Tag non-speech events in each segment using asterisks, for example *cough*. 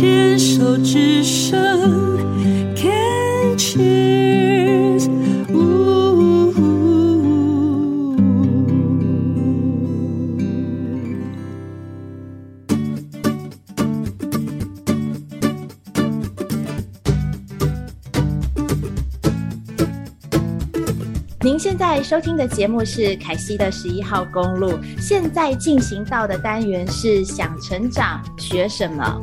牽手之聲，Can cheers 嗚。您現在收聽的節目是《凱西的十一號公路》，現在進行到的單元是“想成長，學什麼”。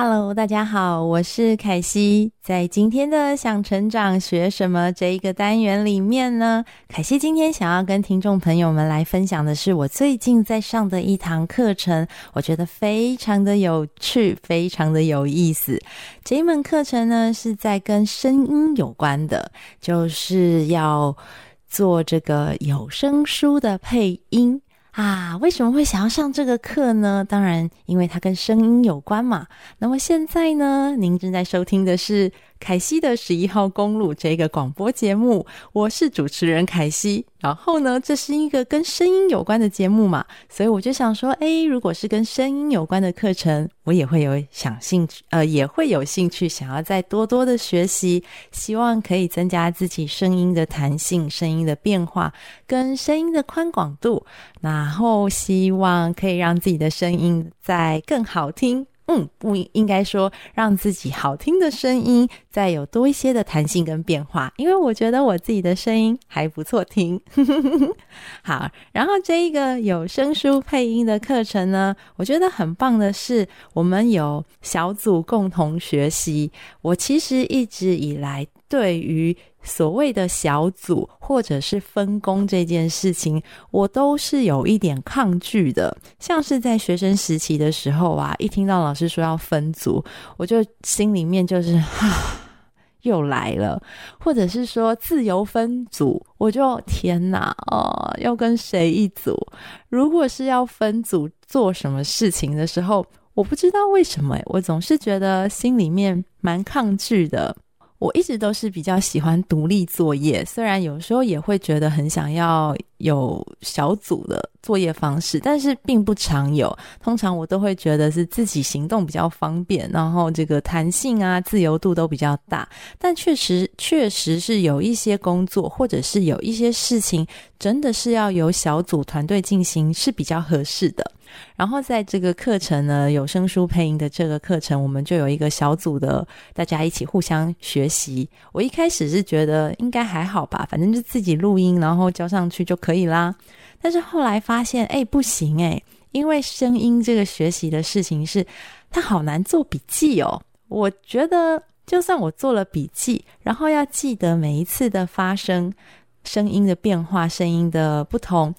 Hello，大家好，我是凱西。在今天的想成長學什麼這一個單元裡面呢，凱西今天想要跟聽眾朋友們來分享的是我最近在上的一堂課程，我覺得非常的有趣，非常的有意思。這一門課程呢，是在跟聲音有關的，就是要做這個有聲書的配音。啊，為什麼會想要上這個課呢？當然，因為它跟聲音有關嘛。那麼現在呢，您正在收聽的是凱西的十一號公路這個廣播節目，我是主持人凱西。然後呢，這是一個跟聲音有關的節目嘛，所以我就想說，誒，如果是跟聲音有關的課程，我也會有想興趣，呃，也會有興趣想要再多多的學習，希望可以增加自己聲音的彈性、聲音的變化跟聲音的寬廣度，然後希望可以讓自己的聲音再更好聽。嗯，不應該說讓自己好聽的聲音再有多一些的彈性跟變化，因為我覺得我自己的聲音還不錯聽。 *laughs* 好，然後這一個有聲書配音的課程呢，我覺得很棒的是，我們有小組共同學習。我其實一直以來對於，所謂的小組或者是分工這件事情，我都是有一點抗拒的。像是在學生時期的時候啊，一聽到老師說要分組，我就心裡面就是哈，又來了；或者是說自由分組，我就天哪哦，要跟誰一組？如果是要分組做什麼事情的時候，我不知道為什麼，我總是覺得心裡面蠻抗拒的。我一直都是比較喜歡獨立作業，雖然有時候也會覺得很想要有小組的作業方式，但是並不常有。通常我都會覺得是自己行動比較方便，然後這個彈性啊、自由度都比較大。但確實，確實是有一些工作，或者是有一些事情，真的是要由小組團隊進行是比較合適的。然後在這個課程呢，有聲書配音的這個課程，我們就有一個小組的，大家一起互相學習。我一開始是覺得應該還好吧，反正就自己錄音，然後交上去就可以啦。但是後來發現，誒不行誒，因為聲音這個學習的事情是，它好難做筆記哦。我覺得，就算我做了筆記，然後要記得每一次的發聲、聲音的變化、聲音的不同，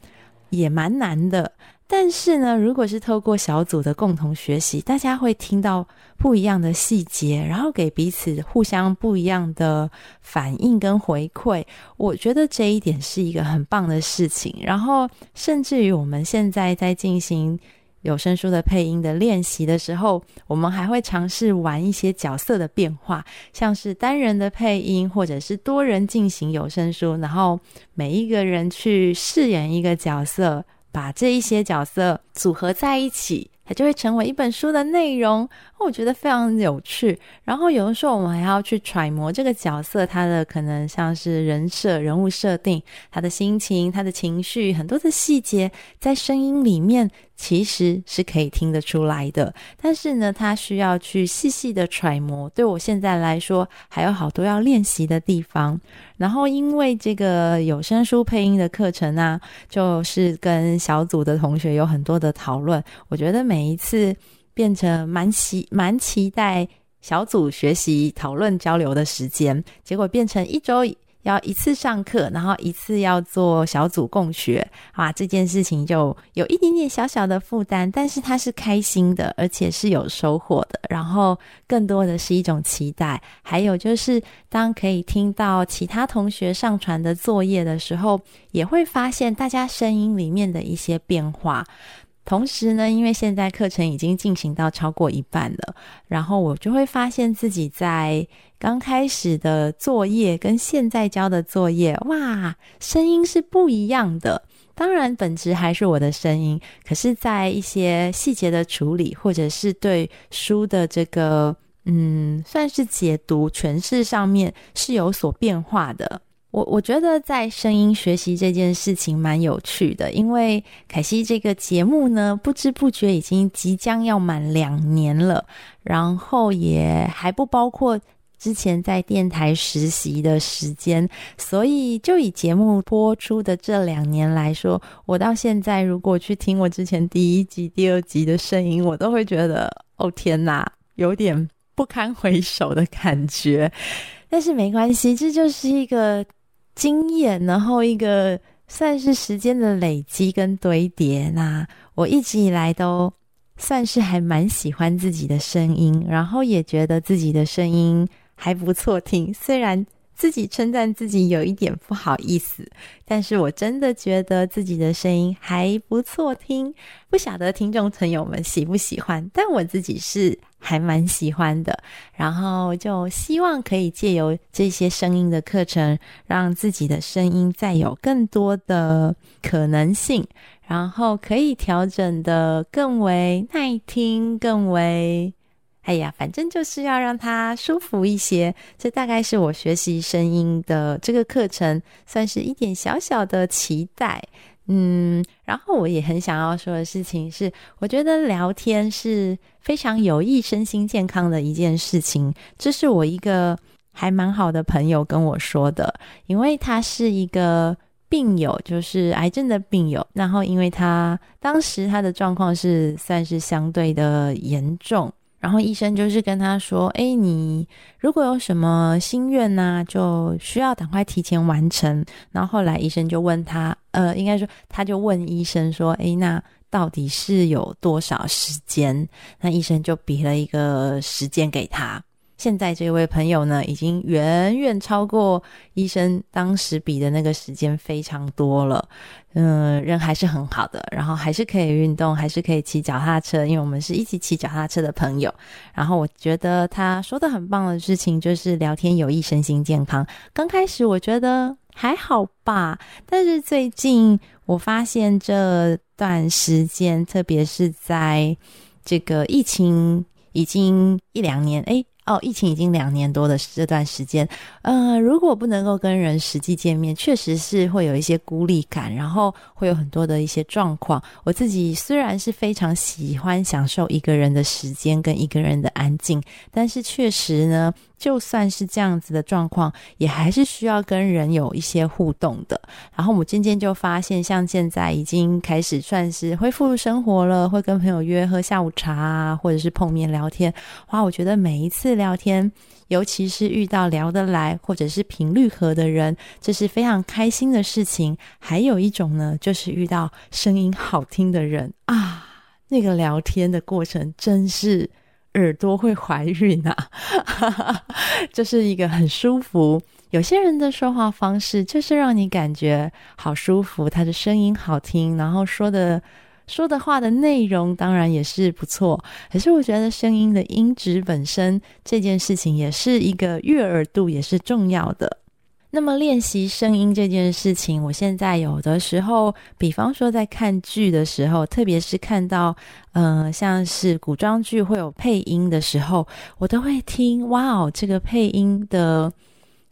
也蠻難的。但是呢，如果是透過小組的共同學習，大家會聽到不一樣的細節，然後給彼此互相不一樣的反應跟回饋。我覺得這一點是一個很棒的事情。然後，甚至於我們現在在進行有聲書的配音的練習的時候，我們還會嘗試玩一些角色的變化，像是單人的配音，或者是多人進行有聲書，然後每一個人去飾演一個角色。把這一些角色組合在一起，它就會成為一本書的內容。我覺得非常有趣。然後有的時候我們還要去揣摩這個角色，他的可能像是人設、人物設定、他的心情、他的情緒，很多的細節在聲音裡面，其實是可以聽得出來的，但是呢，他需要去細細的揣摩。對我現在來說，還有好多要練習的地方。然後，因為這個有聲書配音的課程啊，就是跟小組的同學有很多的討論。我覺得每一次變成蠻期蠻期待小組學習討論交流的時間，結果變成一周。要一次上課，然後一次要做小組共學，啊，這件事情就有一點點小小的負擔，但是他是開心的，而且是有收穫的，然後更多的是一種期待。還有就是，當可以聽到其他同學上傳的作業的時候，也會發現大家聲音裡面的一些變化。同時呢，因為現在課程已經進行到超過一半了，然後我就會發現自己在剛開始的作業跟現在交的作業，哇，聲音是不一樣的。當然，本質還是我的聲音，可是，在一些細節的處理，或者是對書的這個，嗯，算是解讀，詮釋上面是有所變化的。我我覺得在聲音學習這件事情蠻有趣的，因為凱西這個節目呢，不知不覺已經即將要滿兩年了，然後也還不包括之前在電台實習的時間，所以就以節目播出的這兩年來說，我到現在如果去聽我之前第一集、第二集的聲音，我都會覺得，哦天哪，有點不堪回首的感覺。但是沒關係，這就是一個。經驗，然後一個算是時間的累積跟堆疊啦、啊。我一直以來都算是還蠻喜歡自己的聲音，然後也覺得自己的聲音還不錯聽，雖然。自己稱讚自己有一點不好意思，但是我真的覺得自己的聲音還不錯聽，不曉得聽眾朋友們喜不喜歡，但我自己是還蠻喜歡的。然後就希望可以借由這些聲音的課程，讓自己的聲音再有更多的可能性，然後可以調整得更為耐聽，更為。哎呀，反正就是要讓他舒服一些。這大概是我學習聲音的這個課程，算是一點小小的期待。嗯，然後我也很想要說的事情是，我覺得聊天是非常有益身心健康的一件事情。這是我一個還蠻好的朋友跟我說的，因為他是一個病友，就是癌症的病友，然後因為他當時他的狀況是算是相對的嚴重。然後醫生就是跟他說：“哎，你如果有什麼心願呢、啊，就需要趕快提前完成。”然後後來醫生就問他：“呃，應該說他就問醫生說：‘哎，那到底是有多少時間？’”那醫生就比了一個時間給他。現在這位朋友呢，已經遠遠超過醫生當時比的那個時間非常多了。嗯、呃，人還是很好的，然後還是可以運動，還是可以騎腳踏車，因為我們是一起騎腳踏車的朋友。然後我覺得他說的很棒的事情就是聊天有益身心健康。剛開始我覺得還好吧，但是最近我發現這段時間，特別是在這個疫情已經一兩年，哎。哦，疫情已經兩年多的這段時間，嗯、呃，如果不能夠跟人實際見面，確實是會有一些孤立感，然後會有很多的一些狀況。我自己雖然是非常喜歡享受一個人的時間跟一個人的安靜，但是確實呢。就算是這樣子的狀況，也還是需要跟人有一些互動的。然後我們漸漸就發現，像現在已經開始算是恢復生活了，會跟朋友約喝下午茶啊，或者是碰面聊天。哇，我覺得每一次聊天，尤其是遇到聊得來或者是頻率合的人，這是非常開心的事情。還有一種呢，就是遇到聲音好聽的人啊，那個聊天的過程真是。耳朵會懷孕吶、啊，這 *laughs* 是一個很舒服。有些人的說話方式就是讓你感覺好舒服，他的聲音好聽，然後說的說的話的內容當然也是不錯。可是我覺得聲音的音質本身這件事情也是一個悅耳度，也是重要的。那麼練習聲音這件事情，我現在有的時候，比方說在看劇的時候，特別是看到，嗯、呃，像是古裝劇會有配音的時候，我都會聽“哇哦”這個配音的。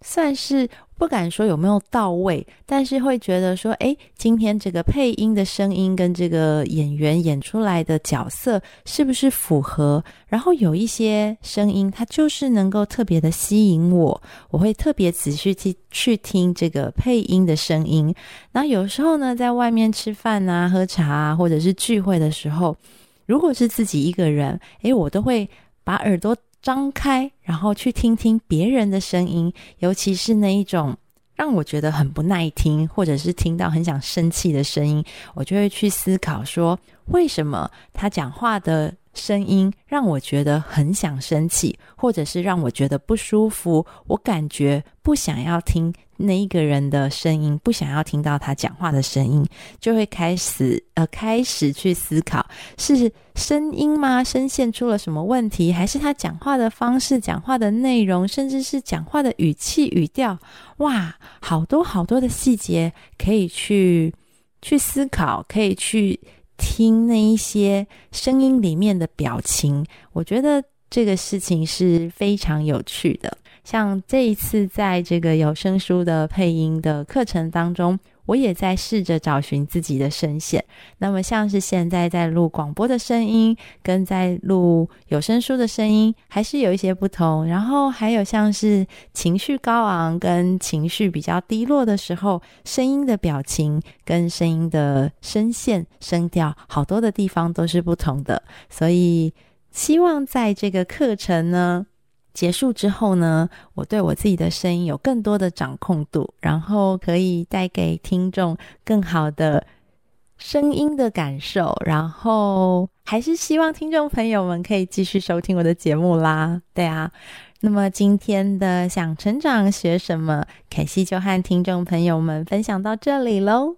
算是不敢說有沒有到位，但是會覺得說，誒，今天這個配音的聲音跟這個演員演出來的角色是不是符合？然後有一些聲音，它就是能夠特別的吸引我，我會特別仔細去去聽這個配音的聲音。那有時候呢，在外面吃飯啊、喝茶啊，或者是聚會的時候，如果是自己一個人，誒，我都會把耳朵張開，然後去聽聽別人的聲音，尤其是那一種讓我覺得很不耐聽，或者是聽到很想生氣的聲音，我就會去思考說，為什麼他講話的聲音讓我覺得很想生氣，或者是讓我覺得不舒服，我感覺不想要聽。那一個人的聲音，不想要聽到他講話的聲音，就會開始呃，開始去思考：是聲音嗎？聲線出了什麼問題？還是他講話的方式、講話的內容，甚至是講話的語氣、語調？哇，好多好多的細節可以去去思考，可以去聽那一些聲音裡面的表情。我覺得這個事情是非常有趣的。像這一次在這個有聲書的配音的課程當中，我也在試着找尋自己的聲線。那麼像是現在在錄廣播的聲音，跟在錄有聲書的聲音，還是有一些不同。然後還有像是情緒高昂跟情緒比較低落的時候，聲音的表情跟聲音的聲線、聲調，好多的地方都是不同的。所以希望在這個課程呢，結束之後呢，我對我自己的聲音有更多的掌控度，然後可以帶給聽眾更好的聲音的感受。然後還是希望聽眾朋友們可以繼續收聽我的節目啦。對啊，那麼今天的想成長學什麼，凱西就和聽眾朋友們分享到這裡嘍。